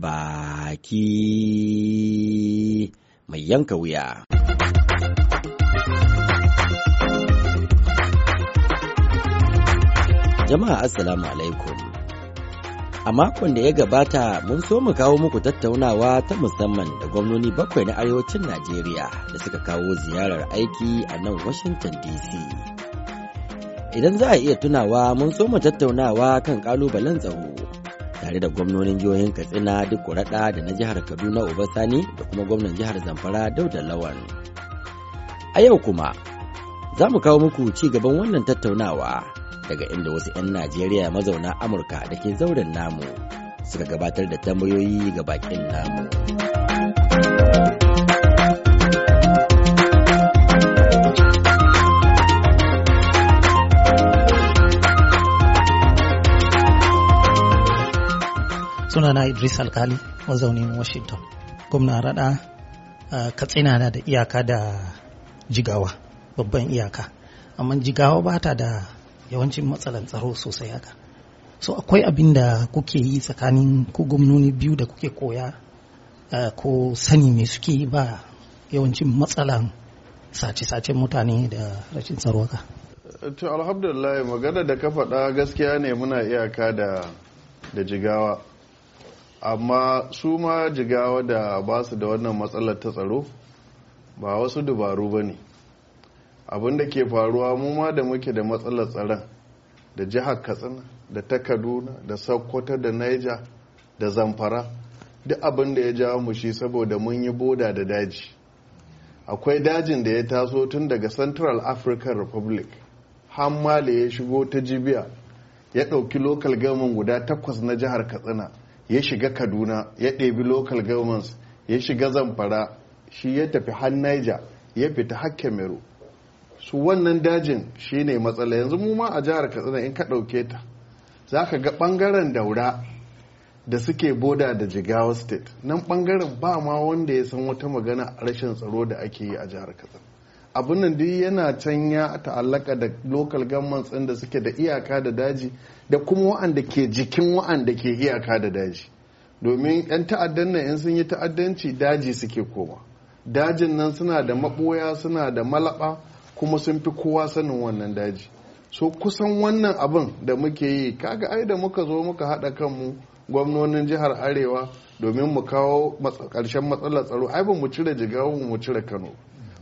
baki mai yanka wuya. Jama'a Assalamu alaikum. A makon da ya gabata mun so mu kawo muku tattaunawa ta musamman da gwamnoni bakwai na arewacin Najeriya da suka kawo ziyarar aiki a nan Washington DC. Idan za a iya tunawa mun so mu tattaunawa kan kalubalen tsaro tare da gwamnonin jihohin katsina duk kurada da na jihar kaduna obasani da kuma gwamnan jihar zamfara dauda lawan a yau kuma za mu kawo muku ci gaban wannan tattaunawa daga inda wasu 'yan najeriya mazauna amurka da ke zauren namu suka gabatar da tambayoyi ga bakin namu. sunana idris alkali mazaunin washington gwamna rada katsina na da iyaka da jigawa babban iyaka amma jigawa ba ta da yawancin matsalan tsaro sosai haka so akwai abin da kuke yi tsakanin ku gwamnoni biyu da kuke koya ko sani mai suke ba yawancin matsalan sace-sacen mutane da rashin tsaro haka to alhamdulillah magana da ka faɗa gaskiya ne muna iyaka da jigawa amma su ma jigawa da ba su da wannan matsalar ta tsaro ba wasu dubaru ba ne abinda ke faruwa mu ma da muke da matsalar tsaron da jihar katsina da ta kaduna da sokoto da niger da zamfara duk abin da ya jawo mu shi saboda mun yi boda da daji akwai dajin da ya taso tun daga central african republic hammale ya shigo ta jibiya ya ɗauki lokal gamin guda takwas na jihar katsina ya shiga kaduna ya ɗebi local governments ya shiga zamfara shi ya tafi har niger ya fita har cameroon su wannan dajin shine matsala yanzu mu ma a jihar katsina in ka ɗauke ta za ka ga ɓangaren daura da suke boda da jigawa state nan ɓangaren ba ma wanda ya san wata magana rashin tsaro da ake yi a jihar katsina abin nan duk yana can ya ta'allaka da local governments ɗin da suke da iyaka da daji da kuma wa'anda ke jikin wa'anda ke iyaka da daji domin 'yan ta'addan nan yan sun yi ta'addanci daji suke koma dajin nan suna da maɓoya suna da malaba kuma sun fi kowa sanin wannan daji so kusan wannan abin da muke yi kaga ai da muka zo muka haɗa kanmu gwamnonin jihar arewa domin mu kawo ƙarshen matsalar tsaro ai ba mu cire jigawa mu cire kano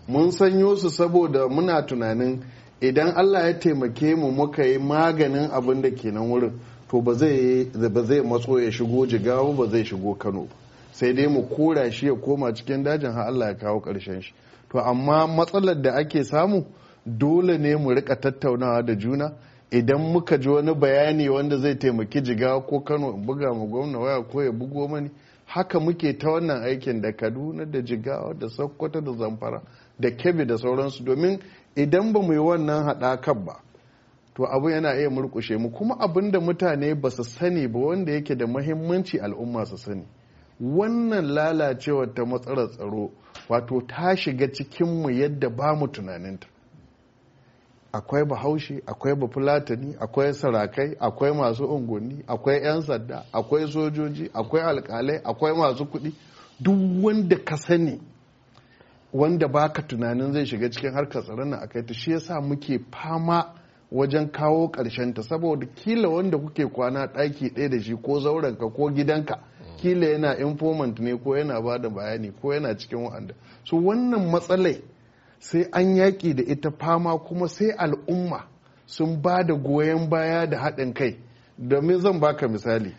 mun sanyo su saboda muna tunanin idan allah ya taimake mu muka yi maganin abin da ke nan wurin to ba zai matso ya shigo jigawa ba zai shigo kano sai dai mu kora shi ya koma cikin dajin har allah ya kawo ƙarshen shi to amma matsalar da ake samu dole ne mu rika tattaunawa da juna idan muka ji wani bayani wanda zai taimaki jigawa ko kano in buga mu gwamna waya ko ya bugo mani haka muke ta wannan aikin da kaduna da jigawa da sokoto da zamfara da kebe da sauransu domin idan ba mu yi wannan haɗakar ba to abu yana iya murkushe mu kuma abin da mutane ba su sani ba wanda yake da mahimmanci al'umma su sani wannan lalacewa ta matsalar tsaro wato ta shiga cikinmu yadda ba mu tunaninta akwai bahaushe akwai bafulatani akwai sarakai akwai masu unguwanni akwai 'yan sadda akwai sojoji akwai alkalai akwai masu kuɗi duk wanda ka sani wanda baka tunanin zai shiga cikin harkar tsaron nan akai ta shi yasa muke fama wajen kawo karshen ta saboda kila wanda kuke kwana ɗaki ɗaya da shi ko zaurenka ko gidanka kila yana informant ne ko yana ba da bayani ko yana cikin wa'anda so wannan matsalai sai an yaƙi da ita fama kuma sai al'umma sun ba da goyon baya da haɗin kai domin zan baka misali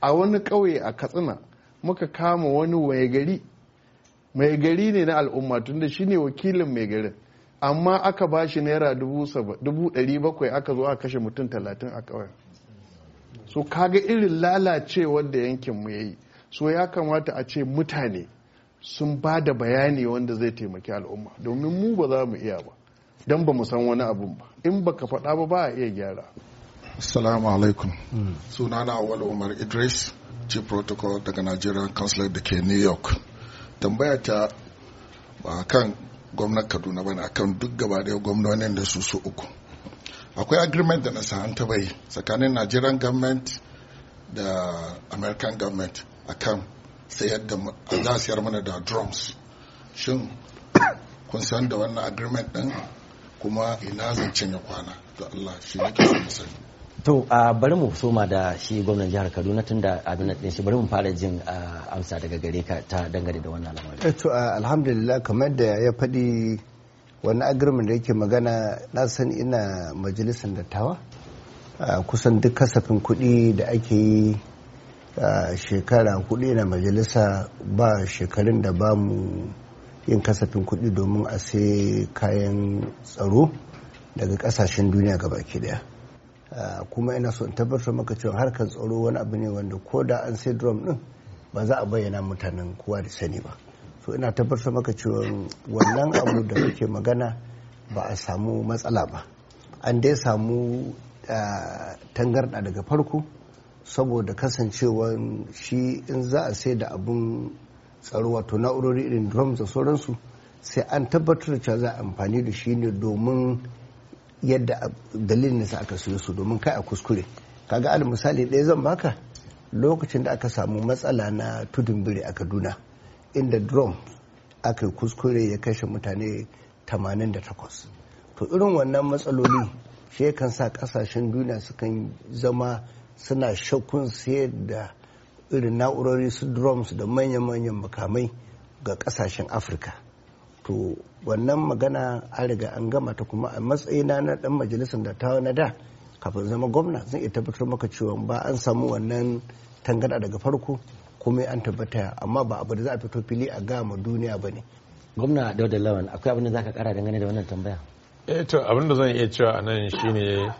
a wani ƙauye a katsina muka kama wani waye gari mai gari ne na al'umma tunda shine wakilin mai garin amma aka ba shi naira dubu bakwai aka zo a kashe mutum talatin a kawai. so kaga irin lalacewar da yankinmu ya yi so ya kamata a ce mutane sun ba da bayani wanda zai taimaki al'umma domin mu ba za mu iya ba don ba mu san wani abun ba in baka faɗa ba ba a iya gyara assalamu alaikum hmm. na awal umar idris chief protocol daga nigerian consulate da ke new york tambaya ta ba kan gwamnan kaduna ba na kan duk gaba daya gwamnonin da su su uku akwai agreement da na sahanta bai tsakanin nigerian government da american government a kan sayar da za su mana da drums shin kun san da wannan agreement din kuma ina zan ya kwana da allah shi ne ke sani to a bari mu soma da shi gwamnan jihar kaduna tun da abin din shi bari mu fara jin amsa daga gare ka ta dangane da wannan lamarin eh, to alhamdulillah kamar da ya faɗi wani agreement da yake magana na san ina majalisar dattawa kusan duk kasafin kuɗi da ake yi shekara kuɗi na majalisa ba shekarun da ba mu yin kasafin kuɗi domin a sai kayan tsaro daga kasashen duniya gabaki daya Ah, kuma ina so in tabbatar maka cewa harkar tsaro wani abu ne wanda ko da an sai drum din ba za a bayyana mutanen kowa da sani ba so ina tabbatar maka cewa wannan abu da kake magana ba a samu matsala ba an dai samu ah, tangarɗa daga farko saboda kasancewa shi in za a sai da abun tsaro wato na'urori irin drums da sauransu sai an tabbatar da cewa za a amfani da shi ne domin yadda dalilin sa aka siyo su domin kai a kuskure kaga al misali ɗaya zan baka lokacin da aka samu matsala na tudun biri a kaduna inda drum aka kuskure ya kashe mutane 88 to irin wannan matsaloli shi kan sa kasashen duniya sukan zama suna shakun sayar da irin na'urori su drums da manya-manyan makamai ga kasashen afirka to wannan magana an riga an gama ta kuma a matsayina na dan majalisar da ta na da kafin zama gwamna zan iya tabbatar maka cewa ba an samu wannan tangana daga farko kuma an tabbata amma ba abu da za a fito fili a gama duniya ba ne gwamna dauda lawan akwai abin da za ka kara dangane da wannan tambaya eh to abin da zan iya cewa a nan shine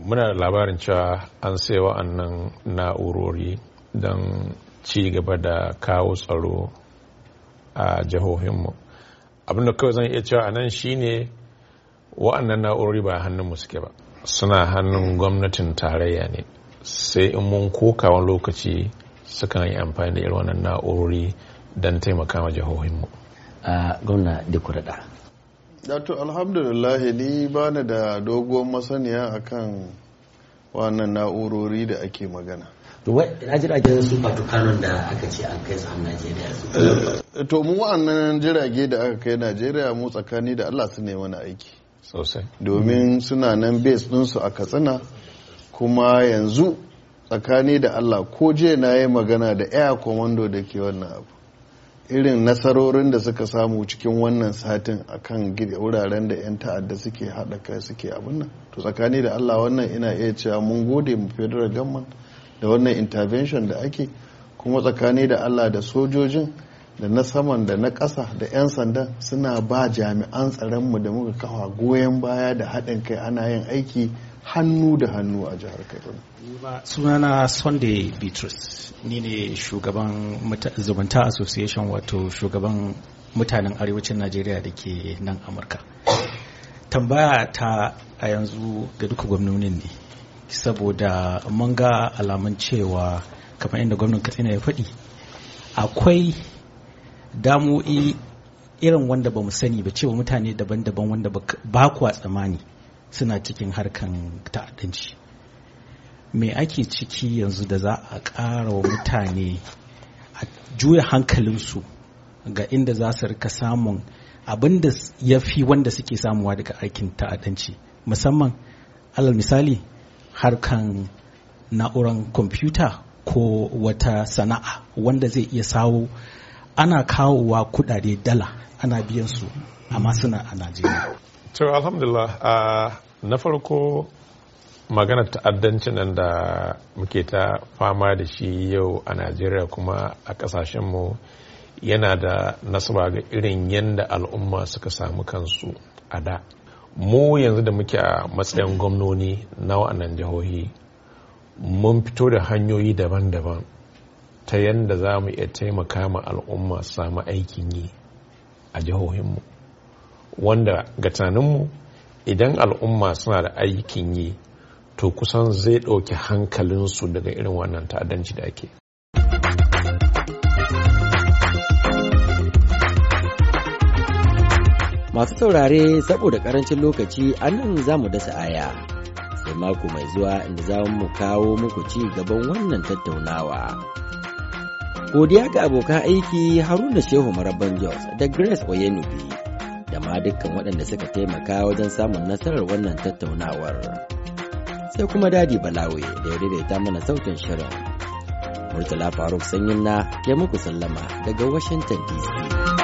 muna da labarin cewa an sai wa'annan na'urori don ci gaba da kawo tsaro a jihohinmu abin da kawai zan iya cewa a nan shine wa'annan na'urori ba hannun mu suke ba suna hannun gwamnatin tarayya ne sai in mun koka wani lokaci sukan yi amfani da irin wannan na'urori don taimaka ma jihohinmu a gwamna dikuraɗa dato alhamdulillah ni ba da doguwar masaniya akan wannan na'urori da ake magana to wai ina jiragen su da aka ce an kai su a najeriya eh, to mu wa'annan jirage da aka kai najeriya mu tsakani da allah su ne wani aiki sosai domin suna nan base ɗinsu a katsina kuma yanzu tsakani da allah ko je na yi magana da air commando da ke wannan abu irin nasarorin da suka samu cikin wannan satin akan wuraren da 'yan ta'adda suke haɗa kai suke abin nan to tsakani da allah wannan ina iya cewa mun gode mu federal government da wannan intervention da ake kuma tsakani da allah da sojojin da na saman da na ƙasa da 'yan sandan suna ba jami'an tsaronmu da muka kawa goyon baya da haɗin kai ana yin aiki hannu da hannu a jihar Kaduna. sunana sunday bitrus ni ne shugaban zumunta association wato shugaban mutanen arewacin najeriya da ke nan amurka tambaya ta a yanzu ga duka gwamnonin ne saboda mun ga alamun cewa kamar inda gwamnan katsina ya faɗi akwai damo'i irin wanda ba sani ba cewa mutane daban-daban wanda ba kuwa tsamani suna cikin harkan ta'addanci me ake ciki yanzu da za a ƙara wa mutane a juya hankalinsu ga inda za su rika samun abin da ya fi wanda suke samuwa daga aikin ta'addanci musamman alal misali harkan na'uran kwamfuta ko wata sana'a wanda zai iya sawo ana kawowa kudade dala ana biyan su amma suna a najeriya to alhamdulillah na farko maganar ta'addanci nan da muke ta fama da shi yau a najeriya kuma a kasashenmu yana da nasaba ga irin yadda al'umma suka samu kansu a da mu yanzu da muke a matsayin gwamnoni na wa'annan jihohi mun fito da hanyoyi daban-daban ta yadda za mu iya taimaka ma al'umma samu aikin yi a jihohinmu wanda ga tunaninmu idan al'umma suna da aikin yi to kusan zai ɗauki hankalinsu daga irin wannan ta'addanci da ake Masu saurare saboda karancin lokaci a nan za mu dasa aya. Sai mako mai zuwa inda za mu kawo muku ci gaban wannan tattaunawa. Godiya ga abokan aiki Haruna Shehu Maraban Jos da Grace Oyenubi da ma dukkan waɗanda suka taimaka wajen samun nasarar wannan tattaunawar. Sai kuma Dadi Balawe da ya daidaita mana sautin shirin. Murtala Faruk Sanyin na ya muku sallama daga Washington DC.